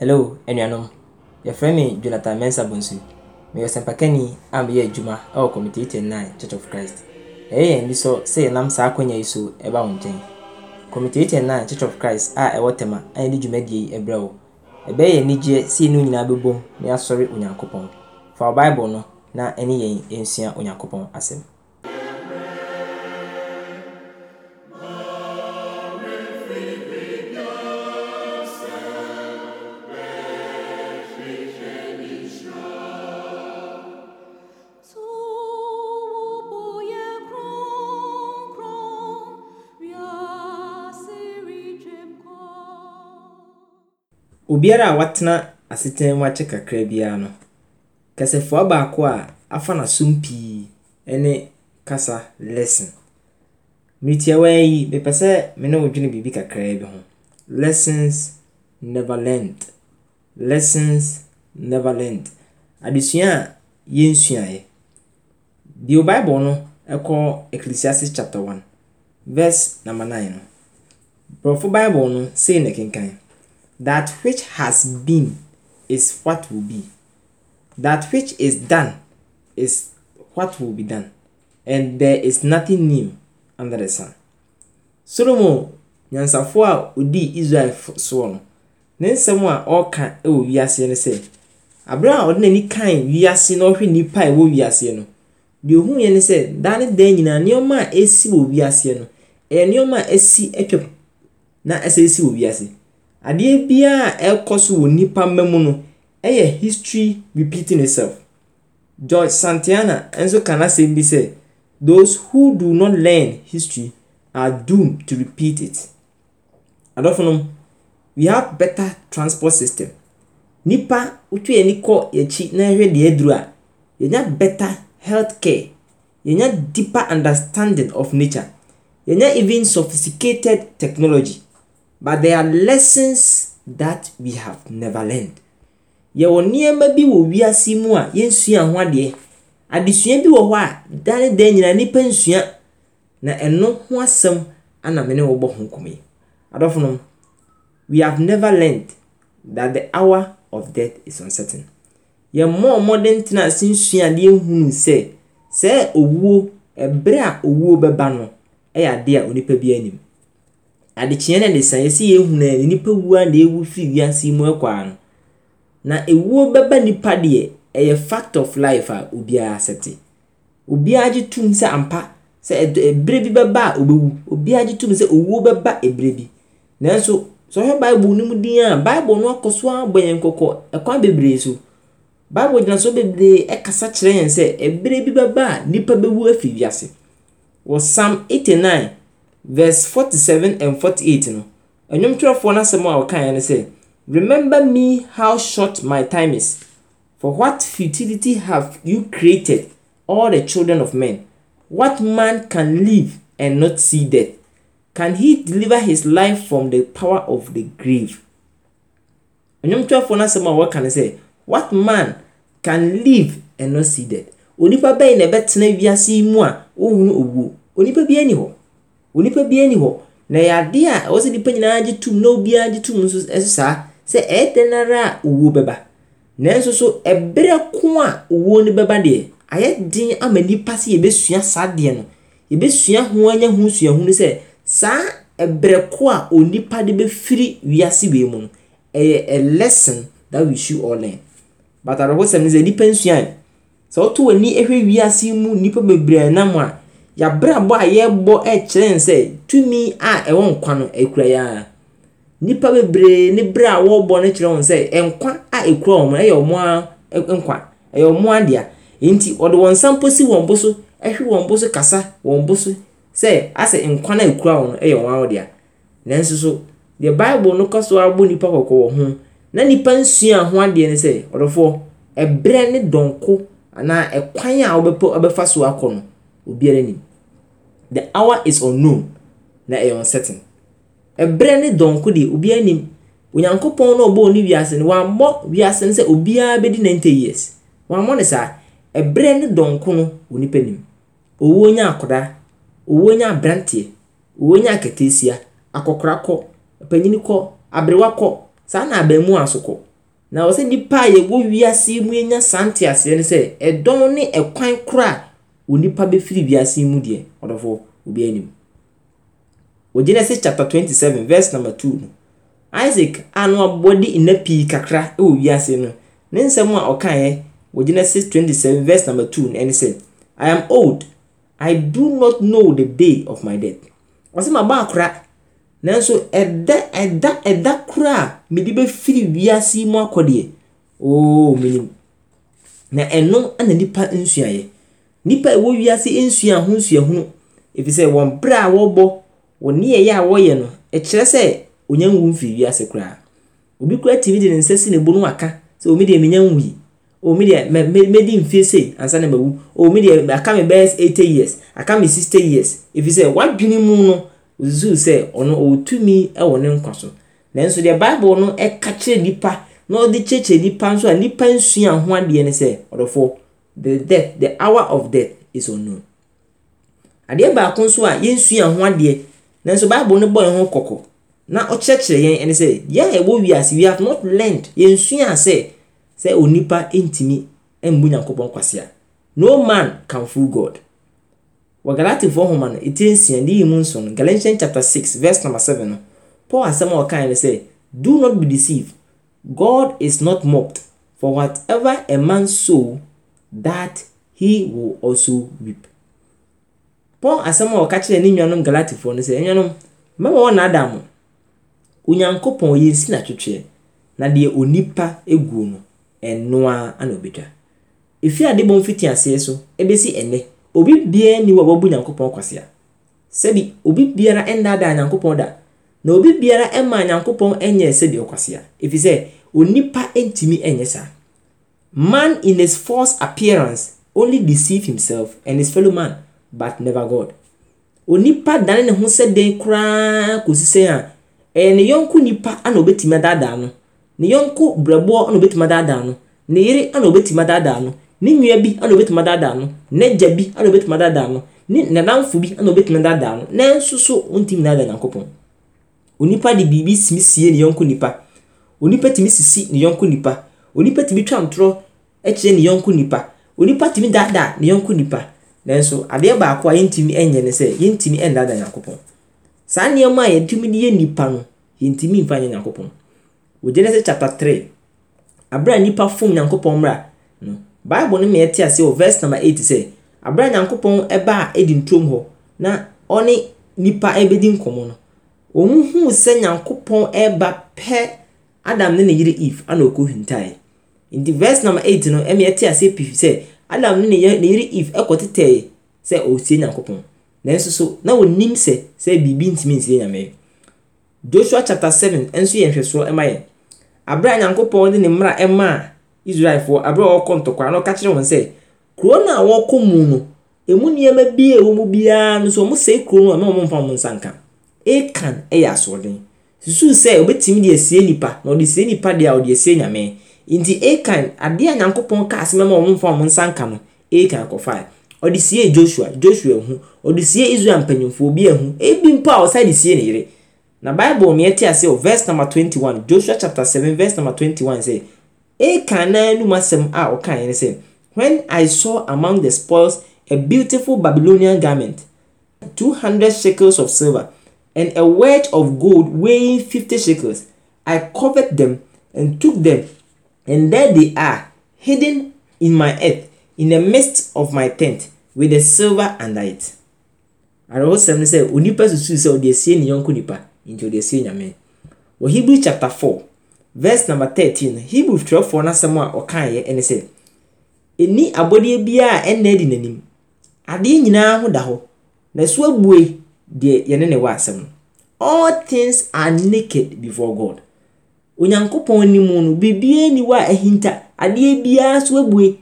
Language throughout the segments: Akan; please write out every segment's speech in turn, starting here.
Hello anuanom yɛfrɛ me Jonathan Mensah Bonsu meyɛ ɔsɛmpakani a meyɛ adwuma ɛwɔ Committee 29 Church of Christ ɛyɛ yɛn bi sɔ sɛ yɛnam saa akɔnya yi so ɛba wo nkyɛn Committee 29 Church of Christ a ɛwɔ Tema a yɛde dwumadie yi ɛbrɛ wo ɛbɛyɛ yɛn anigyeɛ sɛ yɛn nyinaa bɛbom na yɛasɔre Onyankopɔn fa wo Bible no na ɛne yɛn nsua Onyankopɔn asɛm Obiara a watena asetena mu akye kakra biara no, kasafoa baako a afa n'asom pii ne kasa lesson. Mmeretia wo ara yi, mepɛ sɛ me ne wo biribi kakra bi ho. Lessons never learned. Lessons never learned. Adesua a yɛnsuaeɛ. Bio Bible no kɔ Ecclesiastes chapter 1 verse number 9 no, borɔfo Bible no sei na ɛkenkan. That which has been is what will be. That which is done is what will be done. And there is nothing new under the sun. Solomon nyansafo a odi Israel soɔ no ne nsɛm a ɔreka wɔ wiase no sɛ abere a ɔde n'ani kan wiase na ɔhwɛ nnipa a ɛwɔ wiase no deɛ ohu yɛ ne sɛ daa ne dan nyinaa nneɛma a ɛsi wɔ wiase no ɛyɛ nneɛma a ɛsi atwam na ɛsɛ ɛsi wɔ wiase Adeɛ biara a ɛrekɔ so wɔ nnipa mma mu no yɛ history repeating itself. George Santayana nso ka n'asɛm bi sɛ, “Those who do not learn history are doomed to repeat it.” Adɔfonom, we have better transport system. Nnipa wotwa yɛn ani kɔ akyi na yɛhwɛ deɛ aduru a, yɛanya better healthcare, yɛanya deeper understanding of nature, yɛanya even sophisticated technology but there are lessons that we have never learned yɛwɔ nneɛma bi wɔ wiase mu a yɛnsua ho adeɛ adesua bi wɔ hɔ a dane dan nyinaa nipa nsua na ɛno ho asɛm ana me ne wɔbɔ ho nkɔmmɔ yi adɔfo no we have never learned that the hour of death is uncertain yɛn mmɔɔ mmɔden tena ase nsua adeɛ hunu sɛ sɛ owuo ɛbrɛ a owuo bɛba no ɛyɛ adeɛ a onipa bi anim adekyea no adesa yɛsɛ yɛhunu a nipa wu a na ewu firi wiase mu ɛkɔ ano na ɛwuo bɛba nipa deɛ ɛyɛ fact of life a obiara sɛte obiara gye tom sɛ ampa sɛ ɛberɛ bi bɛba a ɔbɛwu obiara gye tom sɛ owuo bɛba ɛberɛ bi nanso sɛ baibul bible no din a baibul no akɔ so abɔ yɛn kɔkɔ ɛkwan bebree so bible gyina so bebree ɛkasa kyerɛ yɛn sɛ ɛberɛ bi bɛba a nnipa bɛwu afiri wiase wɔ sam psalm 89 verse seven and forty-eight. 48 no nnwomtwerɛfoɔ no asɛm a wɔkaeɛ ne sɛ remember me how short my time is for what futility have you created all the children of men what man can live and not see death can he deliver his life from the power of the grave nnwomtwerɛfoɔ no asɛm a wɔka ne sɛ what man can live and not see death onipa bɛyi na ɛbɛtena wiase yi mu a ohun owuo onipa bi ani hɔ onipa biara ni hɔ na yɛ a ɛwɔ sɛ nipa nyinaa gye tom na obiara gye tom nso ɛso saa sɛ ɛyɛ ara a owuo bɛba nanso so ɛberɛ ko a owuo no bɛba deɛ ayɛ den ama nipa sɛ yɛbɛsua saa deɛ no yɛbɛsua ho anya ho suahu no sɛ saa ɛberɛ ko a onipa de bɛfiri wiase wei mu no ɛyɛ a lesson that we should all learn but ahɔhosɛm no sɛ nipa nsua sɛ woto w'ani hwɛ wiase mu nipa bebree nam a yabere abo a yɛbɔ kyerɛ nsɛ sɛ tumi a ɛwɔ nkwa no ekura yɛ nipa nnipa bebree ne bere a wɔrebɔ no kyerɛ wɔn sɛ nkwa a ekura wɔn ɛyɛ wɔn a nkwa ɛyɛ wɔn adea nti wɔde wɔn nsa mpo si wɔn bo so ɛhwe wɔn bo so kasa wɔn bo so sɛ asɛ nkwa no a ekura wɔn ɛyɛ wɔn adea nanso so deɛ bible no kɔ so abɔ nnipa kɔkɔ wɔ ho na nipa nsua ho adeɛ no sɛ ɔdɔfoɔ ɛbrɛ ne dɔnko anaa ɛkwan a wɔbɛfa so akɔ no obiara nim the hour is unknown na ɛyɛ uncertain ɛbrɛ ne dɔnko deɛ obiara nim onyankopɔn na ɔbɔ ne wiase no wammɔ wiase no sɛ obiara bɛdi ninety years wammɔ ne saa ɛbrɛ ne dɔnko no onipa nim owuo nya akwadaa owuo nya aberanteɛ owuo nya akateesia akɔkora kɔ panyin kɔ aberewa kɔ saa na abɛɛmua so kɔ na wɔsɛ nipa a yɛwɔ wiase mu enya santeaseɛ no sɛ ɛdɔn ne ɛkwan kora onipa bɛfiri wiase mu deɛ ɔdɔfoɔ obi anim wɔgyina chapter twenty seven verse number two no isaac a no abɔde nna pii kakra wɔ wiase no ne nsɛm a ɔkaeɛ wɔ genesis twenty seven verse number two no ɛne sɛ i am old i do not know the day of my death ɔsɛ ma baa kora nanso ɛda ɛda ɛda kora a mede bɛfiri wiase mu akɔ deɛ ooo menim na ɛno na nipa nsuaeɛ nnipa a ɛwɔ wiase nsua ho nsuahunu ɛfiri wɔn berɛ a wɔbɔ wɔn nneyɛeɛ a wɔyɛ no ɛkyerɛ sɛ onya nwu mfiri wiase koraa obi koraa tumi de ne nsa si ne bo no aka sɛ omi oh, deɛ menya nwui omi oh, deɛ mɛdi mfie sei ansa na mawu omi oh, deɛ aka me bɛyɛ eighty years aka me sixty years ɛfiri sɛ mu no osusu sɛ ɔno ɔwɔ tumi ɛwɔ ne nkwa so nanso deɛ bible no ɛka kyerɛ nipa na ɔde kyerɛkyerɛ nipa nso a nipa nsua ho adeɛ ne sɛ ɔdɔfoɔ the death the hour of death is unknown adeɛ baako nso a yɛnsua ho adeɛ nanso bible no bɔ yɛn ho kɔkɔ na ɔkyerɛkyerɛ yɛn ɛne sɛ yɛ a ɛwɔ wiase we have not learned yɛnsua sɛ sɛ onipa ntumi mmu nyankopɔn kwasea no man can fool god wɔ galatifoɔ homa no ɛtiri nsia ne yi mu nso no galatian chapter six verse number seven. no paul asɛm a ɔkae ne sɛ do not be deceived god is not mocked for whatever a man sow that he will also weep. Paul asɛm a ɔka kyerɛɛ ne nuanom Galatifoɔ no sɛ nuanom mɛma wɔn naadaa mo Onyankopɔn yɛ nsi n'atwetwe na deɛ onipa eguo no ɛnoa ana obetwa efi ade bɔ mfiti aseɛ so ebesi ɛnɛ obi biara ni wɔ a wabu Nyankopɔn kwasea sɛbi obi biara ɛnnaadaa Nyankopɔn da na obi biara ɛma Nyankopɔn ɛnyɛ sɛdeɛ ɔkwasea efisɛ onipa ntumi ɛnyɛ saa. Man in his false appearance only deceive himself and his fellow man but never God. Onipa dane ne ho sɛ den koraa kɔsi sɛ a ɛyɛ ne yɔnko nipa ana obetumi adaadaa no ne yɔnko brɛboɔ ana obetumi adaadaa no ne yere ana obetumi adaadaa no ne nua bi ana obetumi adaadaa no n'agya bi ana obetumi adaadaa no ne n'adamfo bi ana obetumi adaadaa no nanso so ontumi naadaa nyankopɔn onipa de biribi simisie ne yɔnko nipa onipa tumi sisi ne yɔnko nipa onipa tumi twa ntorɔ kyerɛ ne yɔnko nipa onipa tumi daadaa ne yɔnko nipa nanso adeɛ baako a yɛntumi nyɛ ne sɛ yɛntumi ndaadaa nyakopɔn saa nneɛma a yɛntumi de yɛ nipa no yɛntumi mfa nyɛ nyakopɔn wɔ genesis chapter three abere nipa fom nyakopɔn mmra no bible no mmeɛ te ase wɔ verse number eight sɛ abere a nyakopɔn ɛbaa edi ntuom hɔ na ɔne nipa ɛbɛdi nkɔmɔ no wɔn ho sɛ nyakopɔn ɛba pɛ adam ne ne yere eve ana okɔ nti verse number eight no ɛmi ɛte ase pii sɛ adam ne ne yere eve ɛkɔ tetɛ sɛ ɔresie nyankopɔn nanso so na wɔnim sɛ sɛ biribi ntumi nsie nyame joshua chapter seven nso yɛ nhwɛsoɔ ɛma yɛ abere a nyankopɔn de ne mmara ɛmaa israelfoɔ abere oh, a wɔkɔ ntɔkwa na ɔka kyerɛ wɔn sɛ kuro no a wɔkɔ mu no emu nneɛma bi a ɛwɔ mu biara no so wɔn sɛ kuro no a wɔn mfa wɔn nsa nka akan e, ɛyɛ e, asoɔden susu sɛ obetumi de esie nipa na ɔde esie nipa deɛ a ɔde esie nyame nti akan adeɛ a nyankopɔn ka asɛm ma wɔn mfa wɔn nsa nka no akan kɔfae ɔde sie joshua joshua ho ɔde sie israel mpanyinfoɔ bi ho ebi mpo a ɔsan de sie ne yere na bible mmea te ase wɔ verse number twenty one joshua chapter seven verse number twenty one sɛ akan nan num asɛm a ɔkaeɛ ne sɛ when i saw among the spoils a beautiful babylonian garment two hundred shekels of silver and a wedge of gold weighing fifty shekels i covered them and took them and there they are, hidden in my earth, in the midst of my tent, with the silver under it. Arabo 7 sɛ onipa susu sɛ ɔde asie ne yɔnko nipa nti ɔde asie nyame. Wɔ Hebrew chapter four, verse number 13 Hebrew twerɛfoɔ n'asɛm a ɔkaeɛ ɛne sɛ ɛni abɔdeɛ biara ɛnna adi n'anim adeɛ nyinaa ho da hɔ na so abue deɛ yɛne ne wɔ asɛm all things are naked before God onyankopɔn anim no biribiara ni hɔ a ɛhinta adeɛ biara so abue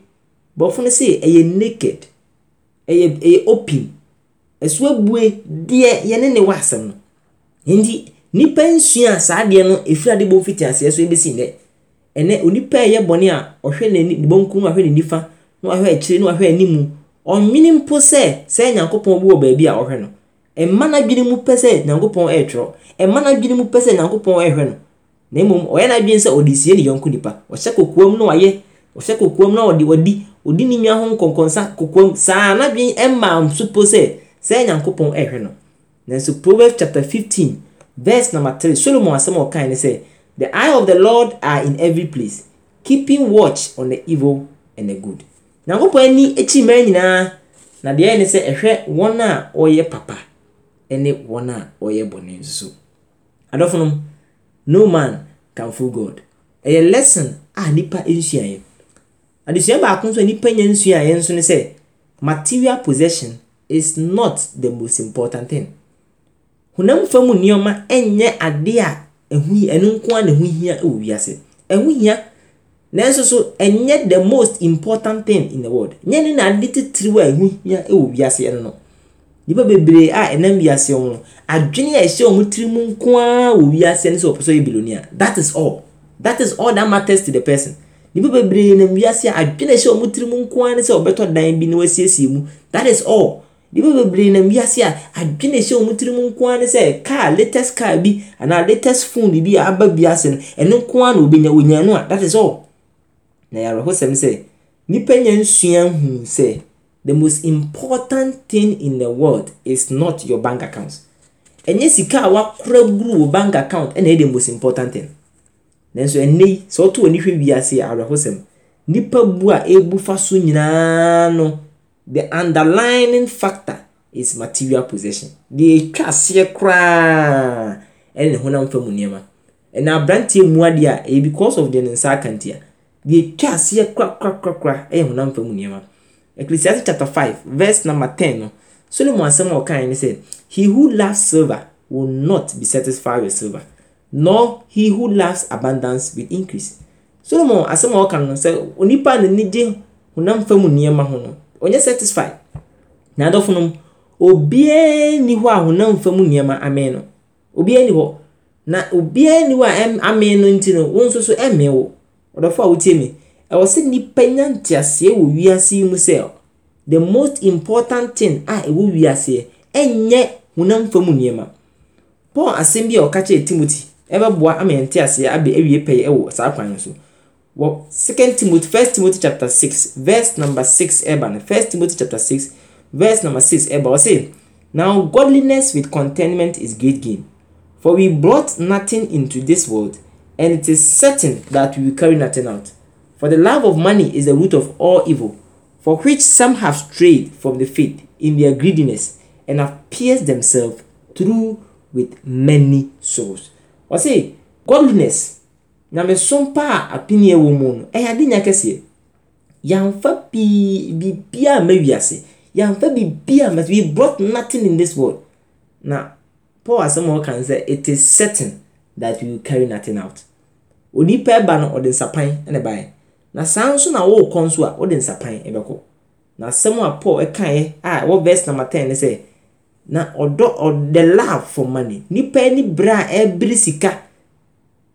bɔfo no se ɛyɛ naked ɛyɛ ɛyɛ open ɛso abue deɛ yɛne ne wɔ asɛm no nti nipa nsua saa adeɛ no efiri ade bɔ fiti aseɛ so ebesi nɛ ɛnɛ onipa a ɛyɛ bɔne a ɔhwɛ n'ani ne bɔnkuru ahwɛ ne nifa na wahwɛ akyire na wahwɛ anim ɔnwene mpo sɛ sɛ nyankopɔn bi wɔ baabi a ɔhwɛ no ɛmma n'adwene mu pɛ sɛ nyankopɔn ɛretwerɛ ɛmma n'adwene mu pɛ sɛ nyankopɔn ɛrehwɛ no na mmom ɔyɛ n'adwene sɛ ɔde sie ne yɔnko nipa ɔhyɛ kokoam na wayɛ ɔhyɛ kokoam na ɔde wadi ɔdi ne nua ho nkɔnkɔnsa kokoam saa n'adwene ɛma nsupo sɛ sɛ nyankopɔn ɛhwɛ no nanso proverbs chapter fifteen verse number three solomon asɛm a ɔkae ne sɛ the eye of the lord are in every place keeping watch on the evil and the good nyankopɔn ani akyi mmaa nyinaa na deɛ ne sɛ ɛhwɛ wɔn a ɔyɛ papa ne wɔn a ɔyɛ bɔne nso adɔfonom no man can fool god ɛyɛ lesson a nipa nsuaeɛ adesua baako nso a nipa nya nsuaeɛ nso ne sɛ material possession is not the most important thing honam fam nneɛma nyɛ adeɛ a ɛho ɛno nko a na ɛho hia wɔ wiase ɛho hia nanso so ɛnyɛ the most important thing in the world nyɛ ne na ade titiriw a ɛho hia wɔ wiase ɛno no nnipa bebree a ɛnam wiase ho adwene a ɛhyɛ wɔn tiri mu nko wɔ wiase no sɛ wɔpɛ sɛ ɔyɛ bilonia that is all that is all that matters to the person nnipa bebree nam wiase a adwene a ɛhyɛ wɔn tiri mu nko ara sɛ wɔbɛtɔ dan bi na wɔasiesie mu that is all nnipa bebree nam wiase a adwene a ɛhyɛ wɔn tiri mu nko ara sɛ car latest car bi anaa latest phone bi a aba wiase no ɛno nko na obenya onya no a that is all na yɛawerɛhosɛm sɛ nnipa nya nsua hu sɛ the most important thing in the world is not your bank account ɛnyɛ sika a wakora guru wo bank account ɛna ɛyɛ the most important thing nanso ɛnɛ yi sɛ ɔto wɔ nihwɛ wiase awerɛhosɛm nipa bu a ebu fa so nyinaa no the underlying factor is material possession deɛ etwa aseɛ koraa ɛne ne honam fam nneɛma ɛna aberanteɛ mu adeɛ a ɛyɛ because of deɛ ne nsa akantia deɛ etwa aseɛ korakorakorakora ɛyɛ honam fam nneɛma ecclesiastes chapter five verse number ten no solomon asɛm a ɔkan ne he who loves silver will not be satisfied with silver nor he who loves abundance with increase solomon asɛm a ɔkan no sɛ onipa a n'ani gye honam fam nneɛma ho no ɔnyɛ satisfied na adɔfo no obiara ni hɔ a honam fam nneɛma amee no obiara ni hɔ na obiara ni hɔ a amee no nti no wɔn nso so ɛmee wɔ ɔdɔfo a wotie mi ɛwɔ sɛ nnipa nya nteaseɛ wɔ wiase yi mu sɛ the most important thing a ɛwɔ wiaseɛ ɛnyɛ honam fam nneɛma paul asɛm bi a ɔka kyerɛ timothy ɛbɛboa ama yɛn nteaseɛ abɛ awie pɛyɛ ɛwɔ saa kwan so wɔ second timothy first timothy chapter six verse number six ɛba no first timothy chapter six verse number six ɛba ɔsɛ now godliness with contentment is great gain for we brought nothing into this world and it is certain that we will carry nothing out. For the love of money is the root of all evil, for which some have strayed from the faith in their greediness and have pierced themselves through with many souls. Wɔse godliness nyamesom pa a apini wɔ mu no ɛyɛ ade nya kɛseɛ yɛamfa pii biribia a mawi ase yɛamfa biribia a we brought nothing in this world na paul some a can say, it is certain that we will carry nothing out onipa ɛba no ɔde nsapan ɛna ɛbaeɛ na saa nso na wɔrekɔ nso a wɔde nsapan ɛbɛkɔ na asɛm a paul ɛkaeɛ a ɛwɔ verse number ten ne sɛ na ɔdɔ ɔdɛ love for money nipa ani bere a ɛbere sika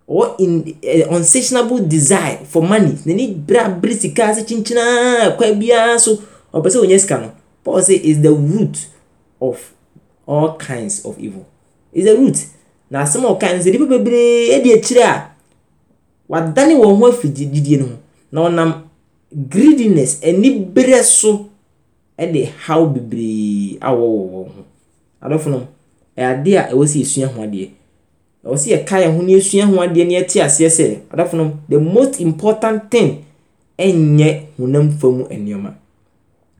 ɔwɔ in ɛ uh, unsatiable desire for money n'ani bere a bere sika ase kyinkyinaa ɛkwa biara so ɔpɛ sɛ ɔnyɛ sika no paul say is the root of all kinds of evil is the root na asɛm a ɔkae no sɛ nipa bebree ɛdi akyire a wadane wɔn ho afiri gyidie no ho na ɔnam greediness aniberɛ so ɛde haw bebree awɔwɔ wɔn ho adɔfo no ɛyɛ adeɛ a ɛwɔ sɛ yɛsua ho adeɛ ɛwɔ sɛ yɛka yɛn ho na yɛsua ho adeɛ na yɛte aseɛ sɛ adɔfo no the most important thing ɛnyɛ honam fam nneɛma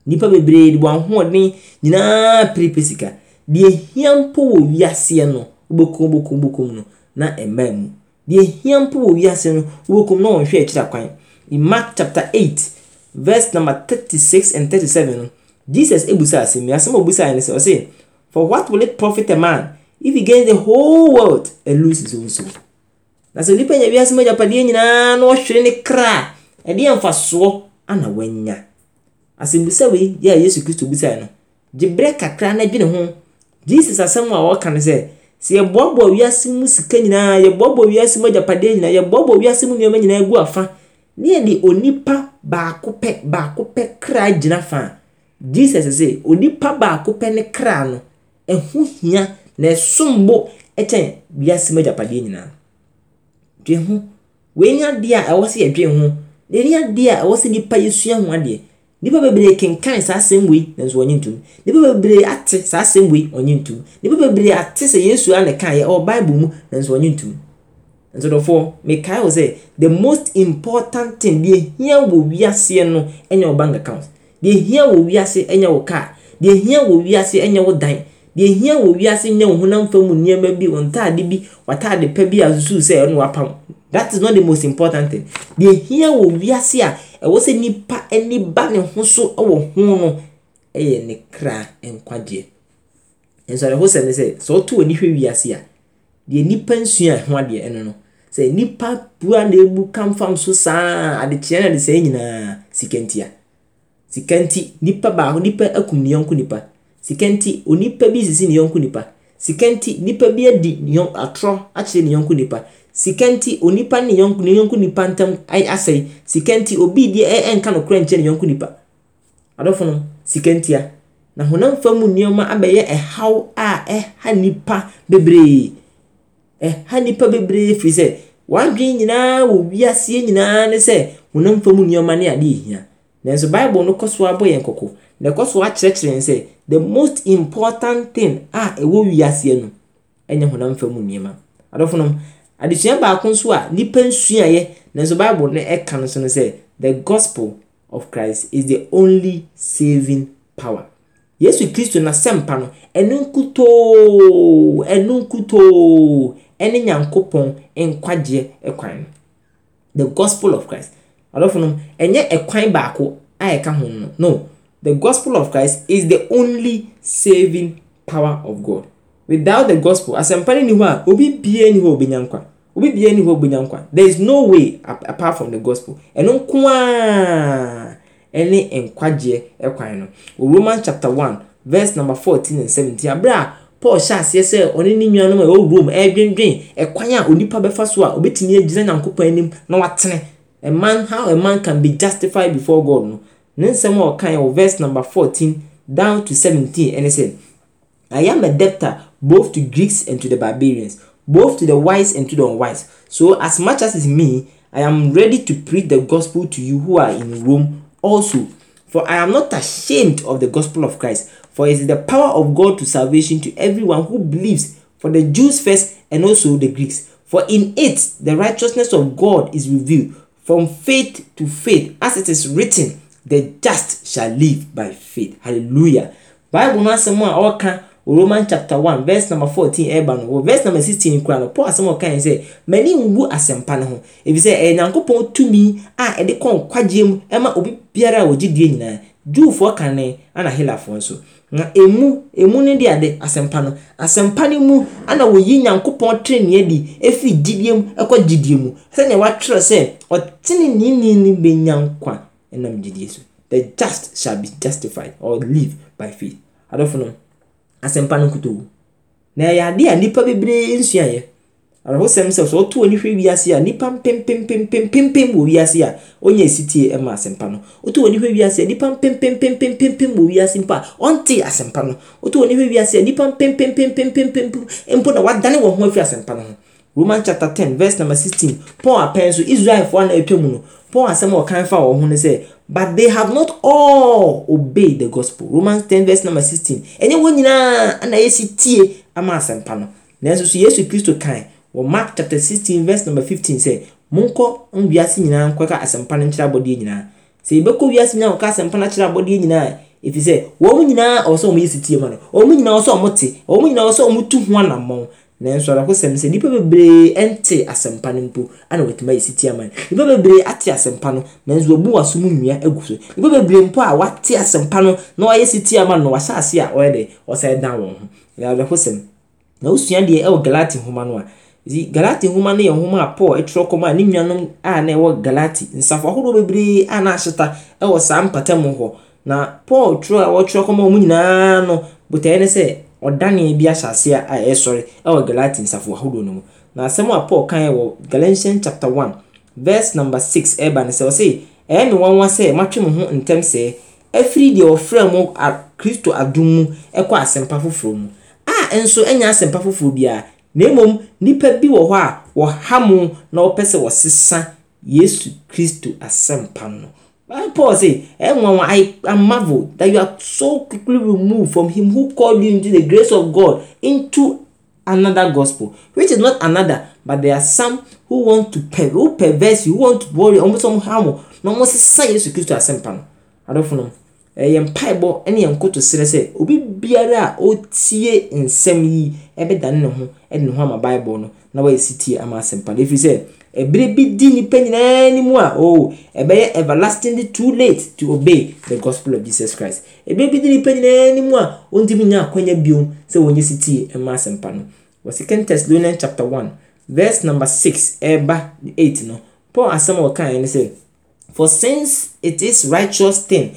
nnipa bebree de wɔn ahoɔden nyinaa piripi sika deɛ hia mpo wɔ wiaseɛ no wobɛkum wobɛkum wobɛkum no na ɛmaa mu deɛ hia mpo wɔ wiaseɛ no wobɛkum na wɔnhwɛ akyiri akwan in mark chapter eight, verse number thirty six and thirty seven, jesus ebusa asɛm asɛm a obusa ne sɛ for what will it profit a man if he gains the whole world and lose his own soul na sɛ onipa nya wiase mu agyapadeɛ nyinaa na ɔhwere ne kra ɛde yɛ mfasoɔ ana wanya asɛmbusa wei yɛ a yesu kristo busae no gye kakra na dwene ho jesus asɛm a wɔka no sɛ sɛ yɛboaboa wiase mu sika nyinaa yɛboaboa wiase mu agyapadeɛ nyinaa yɛboaboa wiase mu nneɛma nyinaa gu afa ne yɛde onipa baako pɛ baako pɛ kra gyina fa a jesus sɛ onipa baako pɛ ne kra no ɛho hia na ɛsom bo ɛkyɛn wiase mu agyapadeɛ nyinaa dwe ho wɔani adeɛ a ɛwɔ sɛ yɛdwe ho na ani adeɛ a ɛwɔ sɛ nipa yɛsua ho adeɛ nipa bebree kenkan saa asɛm wei nanso wɔnye ntum nipa bebree ate saa asɛm wei wɔnye ntum nipa bebree ate sɛ yesu a ne kan yɛ ɔwɔ bible mu nanso wɔnye ntum nti dɔfoɔ mekae wo sɛ the most important thing deɛ hia wɔ wiase no ɛnyɛ wo bank account deɛ hia wɔ wiase ɛnyɛ wo car deɛ hia wɔ wiase ɛnyɛ wo dan deɛ hia wɔ wiase nyɛ wo honam fa mu nneɛma bi wo ntaade bi wataade pa bi a susu sɛ ɛno apam. that is not the most important thing deɛ hia wɔ wiase a ɛwɔ sɛ nipa ani ba ne ho so ɛwɔ ho no ɛyɛ ne kra nkwagyeɛ nsɔre ho sɛ ne sɛ sɛ ɔto w'ani hwɛ wiase a deɛ nipa nsua ɛho adeɛ ɛno no sɛ nipa pua na ebu kam fam so saa adekyea na adesɛe nyinaa sika nti a sika nti nipa baako nipa akum ne yɔnko nipa sika onipa bi sisi ne yɔnko nipa sika nipa bi adi ne yɔn atorɔ akyerɛ ne yɔnko nipa sika nti onipa ne yɔnko ne yɔnko nipa ntam asɛe sika nti obi deɛ ɛnka no korɛ nkyɛn ne yɔnko nipa adɔfo no sika nti a na honam fam nneɛma abɛyɛ ɛhaw a ɛha nipa bebree ɛha nnipa bebree firi sɛ wadwene nyinaa wɔ wiaseɛ nyinaa ne sɛ honam fam nneɛma ne adeɛ hia nanso bible no kɔ so abɔ yɛn kɔkɔ na ɛkɔ so akyerɛkyerɛ sɛ the most important thing a ɛwɔ wiaseɛ no ɛnyɛ honam fam nneɛma adɔfo nom adesua baako nso a nnipa nsuaeɛ nanso bible no ɛka no so no sɛ the gospel of christ is the only saving power yesu kristo n'asɛmpa no ɛno nkutoo ɛno nkutoo ɛne nyankopɔn nkwagyeɛ kwan no the gospel of christ adɔfo no ɛnyɛ ɛkwan baako a ɛka ho no no the gospel of christ is the only saving power of god without the gospel asɛmpa no ni hɔ a obi bie ni hɔ a obenya nkwa obi bie ni hɔ a obenya nkwa there is no way apart from the gospel ɛno nko ara ne nkwagyeɛ kwan no wɔ roman chapter one verse number fourteen and seventeen abere a paul hyɛ aseɛ sɛ ɔne ne nuanom a ɛwɔ room. ɛredwendwen ɛkwan a onipa bɛfa so a obetumi agyina nyankopɔn anim na watene a man how a man can be justified before god no ne nsɛm a ɔkan wɔ verse number fourteen down to seventeen ɛne sɛ i am a debtor both to greeks and to the barbarians both to the wise and to the unwise so as much as is me i am ready to preach the gospel to you who are in rome also, for I am not ashamed of the gospel of Christ, for it is the power of God to salvation to everyone who believes, for the Jews first and also the Greeks. For in it the righteousness of God is revealed from faith to faith, as it is written, the just shall live by faith. Hallelujah. Bible no asɛm a ɔka roman chapter one verse number fourteen ɛreba no wɔ verse number sixteen kura no paul asɛm ɔka yɛn sɛ mɛni ngu asɛmpa no ho efisɛ ɛyɛ nyankopɔn tumi a ɛde kɔn kwagyeɛ mu ɛma obi biara a wɔgye die nyinaa juufoɔ kane ana helafoɔ nso na emu emu ne de ade asɛmpa no asɛmpa no mu ana wɔyi nyankopɔn tirinii adi efiri gyidie mu ɛkɔ gyidie mu sɛnea wɔatwerɛ sɛ ɔtene niinii benya nkwa ɛnam gyidie so the just shall be justified or live by faith adɔfo no asɛmpa no nkutoo na ɛyɛ adeɛ a nnipa bebree nsuaeɛ ahosɛm sɛ sɛ ɔto ani hwɛ wiase a nnipa mpempempempempempem wɔ wiase a ɔnya esitie ma asɛmpa no ɔto ani hwɛ wiase a nnipa mpempempempempempem wɔ wiase mpo a ɔnte asɛmpa no ɔto ani hwɛ wiase a nnipa mpempempempempempem mpo na wadane wɔn ho afiri asɛmpa no ho roman chapter ten verse number sixteen paul apɛn so israelfoɔ a na atwa mu no paul asɛm a ɔkan fa wɔn ho no sɛ but they have not all obeyed the gospel romans 10 verse number sixteen. ɛnyɛ wɔn nyinaa ana yɛsi tie ama asɛmpa no nanso so yesu kristo kan wɔ mark chapter sixteen verse number fifteen sɛ monkɔ wiase nyinaa nkɔka asɛmpa no nkyerɛ abɔdeɛ nyinaa sɛ yɛbɛkɔ wiase nyinaa nkɔka asɛmpa no akyerɛ abɔdeɛ nyinaa ɛfiri sɛ wɔn nyinaa ɔwɔ sɛ wɔn yɛsi tie ma no wɔn nyinaa ɔwɔ sɛ wɔn te wɔn nyinaa ɔwɔ wɔn tu ho anammɔn nanso anakosɛm sɛ nnipa bebree nte asɛmpa no mpo ana wɔatumi ayɛ siti aman nnipa bebree ate asɛmpa no nanso wɔbu waso mu nnua agu so nnipa bebree mpo a wɔate asɛmpa no na wɔayɛ siti aman no wɔahyɛ ase a ɔyɛ dɛ ɔsan dan wɔn ho anakosɛm na osua deɛ ɛwɔ galati nhoma no a galati nhoma no yɛ nhoma a paul twerɛ kɔm a ne nuanom a na ɛwɔ galati nsafo ahodoɔ bebree a na ahyeta wɔ saa mpatam hɔ na paul twerɛ a wɔtwerɛ kɔm a wɔn nyinaa no botaeɛ ne sɛ ɔdanee bi ahyɛ aseɛ a ɛsɔre ɛwɔ galatians afo ahodoɔ no mu na asɛm a paul kan wɔ galatians chapter one verse number six ɛba ne sɛ ɔse ɛyɛ ne nwanwa sɛ matwe me ho ntɛm sɛ afiri deɛ wɔfrɛ mu a kristo adom mu ɛkɔ asɛmpa foforɔ mu a nso ɛnya asɛmpa foforɔ biara na mmom nnipa bi wɔ hɔ a wɔha mo na wɔpɛ sɛ wɔsesa yesu kristo asɛmpa no Paul say, everyone, I, am marvel that you are so quickly removed from him who called you into the grace of God into another gospel, which is not another, but there are some who want to per who pervert you, who want to worry almost some harm, na wɔn sisa Yesu Kristo asɛmpa I Adɔfo no, ɛyɛ mpaebɔ ne yɛn nkoto serɛ sɛ obi biara a ɔtie nsɛm yi ɛbɛdane ne ho de ne ho ama Bible no na wɔyɛ sitie ama asɛmpa no, ɛfiri sɛ ɛberɛ bi di nnipa nyinaa ni a oh ɛbɛyɛ everlastingly too late to obey the gospel of jesus christ ɛberɛ bi di nnipa nyinaa ni mu a ɔntumi nya akwanya biom sɛ wɔnyɛ si tie ɛma asɛmpa no wɔ second thessalonian chapter one verse number six ɛreba eight no paul asɛm a ɔkaeɛ no sɛ for since it is righteous thing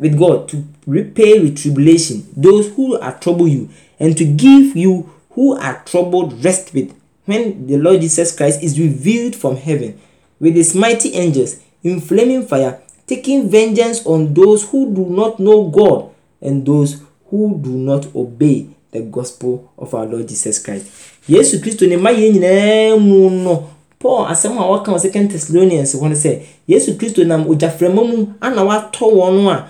with god to repay with tribulation those who are trouble you and to give you who are troubled rest with when the Lord Jesus Christ is revealed from heaven with his mighty angels in flaming fire, taking vengeance on those who do not know God and those who do not obey the gospel of our Lord Jesus Christ. Yesu Kristo ne ma yɛn nyinaa mu no Paul asɛm a wɔka wɔ Second Thessalonians hɔ sɛ Yesu Kristo nam ogyaframa mu ana watɔ wɔn a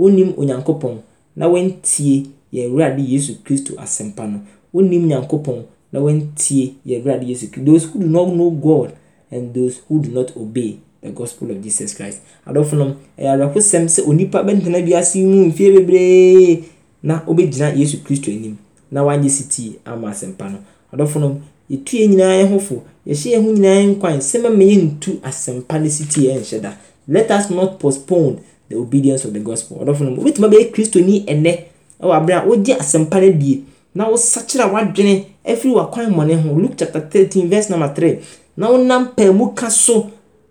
onim Onyankopɔn na wɔntie yɛn Awurade Yesu Kristo asɛmpa no onim Nyankopɔn na wɔntie yɛn awurade yesu those who do not know god and those who do not obey the gospel of jesus christ adɔfo nom ɛyɛ eh, awerɛhosɛm sɛ onipa bɛntena wiase mu mfie bebree na wobɛgyina yesu kristo anim na wanyɛ sitii ama asɛmpa no adɔfo nom yɛtu yɛn nyinaa yɛn ho fo yɛhyɛ yɛn ho nyinaa yɛn kwan sɛma ma yɛntu asɛmpa no sitii yɛnhyɛ da let us not postpone the obedience of the gospel ɔdɔfo nom wobɛtumi abɛyɛ kristoni ɛnɛ ɛwɔ abere a wogye asɛmpa no die na wo sakyera w'adwene afiri w'akwan mmɔne ho luke chapter thirteen verse number three na wo nam pɛɛ mu ka so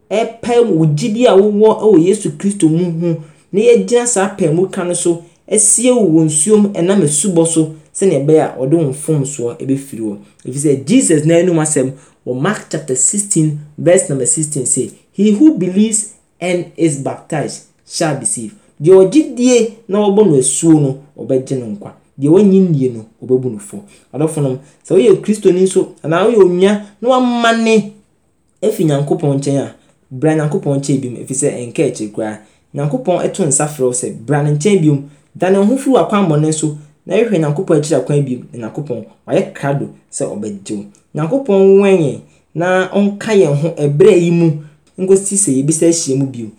ɛpɛɛ mu wo gyidi a wowɔ ɛwɔ yesu kristo mu ho na yɛgyina saa pɛɛ mu ka no so asie wo wɔ nsuom ɛnam asubɔ so sɛnea ɛbɛyɛ a ɔde wo mfomsoɔ ɛbɛfiri wɔ efisɛ jesus na anum asɛm wɔ mark chapter sixteen verse number sixteen say he who believes and is baptized shall receive deɛ ɔgye die na wɔbɔ no asuo no ɔbɛgye no nkwa deɛ wɔnyi nie no wɔbɛbu no fɔ adɔfo nom sɛ woyɛ kristoni nso anaa woyɛ onua na wamane afi nyankopɔn nkyɛn a bra nyankopɔn nkyɛn bi mu ɛfiri sɛ ɛnka koraa nyankopɔn bra ne nkyɛn bi mu da ne ho firi so na yɛhwɛ nyankopɔn akyiri akwan bi mu na nyankopɔn wayɛ krado sɛ ɔbɛgye wo nyankopɔn wɛn na ɔnka yɛn ho yi